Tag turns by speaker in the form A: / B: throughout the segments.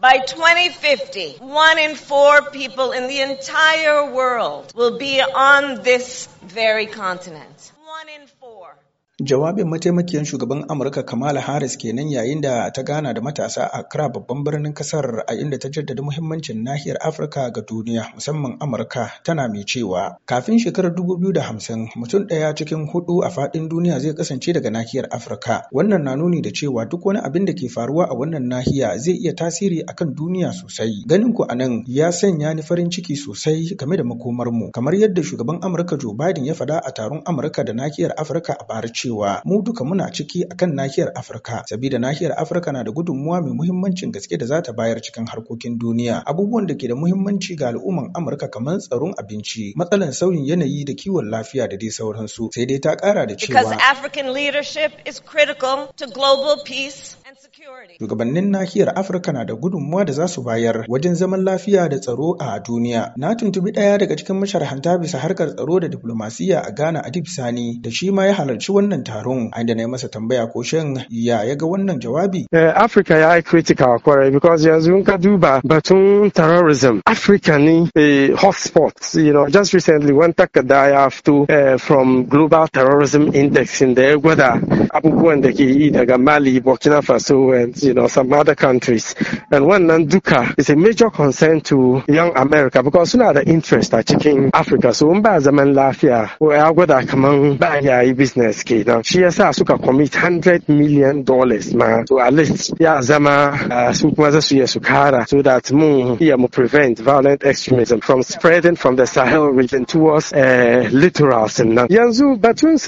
A: By 2050, one in four people in the entire world will be on this very continent.
B: Jawabin mataimakiyar shugaban Amurka Kamala Harris kenan yayin da ta gana da matasa a Accra babban birnin kasar a inda ta jaddada muhimmancin nahiyar Afirka ga duniya musamman Amurka tana mai cewa kafin shekarar dubu biyu da hamsin, mutum ɗaya cikin hudu a faɗin duniya zai kasance daga nahiyar Afirka. Wannan na nuni da cewa duk wani abin da ke faruwa a wannan nahiya zai iya tasiri akan duniya sosai. Ganin ku anan ya sanya ni farin ciki sosai game da makomarmu kamar yadda shugaban Amurka Joe Biden ya faɗa a taron Amurka da nahiyar Afirka a bara cewa mu duka muna ciki a kan nahiyar Afirka sabida nahiyar Afirka na da gudunmuwa mai muhimmancin gaske da za ta bayar cikin harkokin duniya abubuwan da ke da muhimmanci ga al'umman Amurka kamar tsaron abinci matsalan sauyin yanayi da kiwon lafiya da dai sauransu sai dai ta kara da cewa
A: African leadership is critical to global peace
B: Shugabannin nahiyar Afirka na da gudunmuwa da za su bayar wajen zaman lafiya da tsaro a duniya. Na tuntubi ɗaya daga cikin masharhanta bisa harkar tsaro da diplomasiya a Ghana Adib Sani da shi ma ya halarci wannan taron. an da na yi masa tambaya ko shin ya ya ga wannan jawabi.
C: Eh, Afirka ya yi critical kwarai because yanzu ka duba batun terrorism. Afirka ni a eh, hotspot. You know, just recently wani takarda ya fito eh, from Global Terrorism Index in da ya gwada abubuwan da ke yi daga Mali, Burkina Faso, and you know, some other countries. And when Nanduka is a major concern to young America because suna the interest are taking Africa. So in ba zaman lafiya, come gwada kaman ba yayi business kenan. Shi yasa suka commit 100 million dollars ma to at least ya zama uh, su kuma za su iya su kara so that mu here to prevent violent extremism from spreading from the Sahel region towards uh, littoral Yanzu batun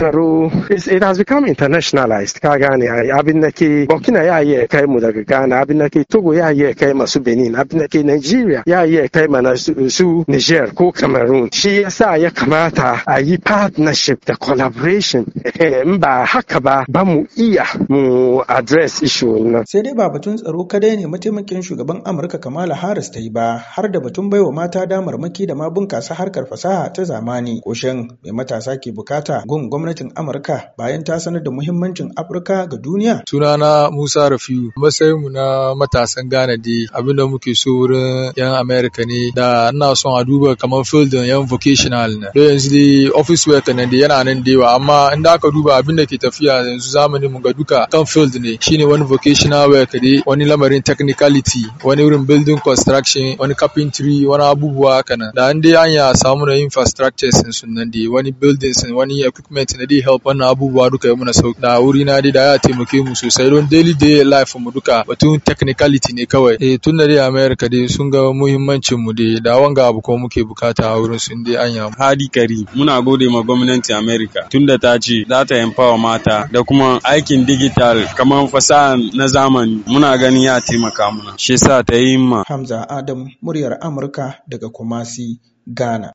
C: it has become internationalized Kagani gane abin da ke Burkina iya kai mu daga Ghana abin da ke Togo ya iya kai masu Benin abin da ke Nigeria ya iya kai mana su Niger ko Cameroon shi yasa ya kamata a yi partnership da collaboration eh, in ba haka ba ba
B: mu iya mu address issue na. sai dai ba batun tsaro kadai ne mataimakin shugaban Amurka Kamala Harris ta yi ba har da batun baiwa mata damar maki da ma bunkasa harkar fasaha ta zamani koshin mai matasa ke bukata gun gwamnatin Amurka bayan ta sanar da muhimmancin
A: Afirka ga duniya sunana Musa fiyu Matsayin mu na matasan Ghana dai abin da muke so wurin 'yan America ne da ina son a duba kamar field 'yan vocational na. Don yanzu dai office work nan da yana nan da yawa amma in da aka duba abin da ke tafiya yanzu zamani mu ga duka kan field ne shine wani vocational work dai wani lamarin technicality wani wurin building construction wani carpentry wani abubuwa haka nan. Da an dai an ya samu na infrastructures sun sun nan dai wani buildings wani equipment na dai help wannan abubuwa duka ya muna sauki. Da wuri na dai da ya taimake mu sosai don daily day life mu duka batun technicality ne kawai eh tun da riya America dai sun ga muhimmancin mu dai da wanga abu ko muke bukata a wurin sun dai anya
B: hadi kari muna gode ma gwamnati America tunda ta ce za ta empower mata da kuma aikin digital kamar fasaha na zamani muna gani ya taimaka muna shi yasa ta yi ma Hamza Adam muryar Amurka daga Kumasi Ghana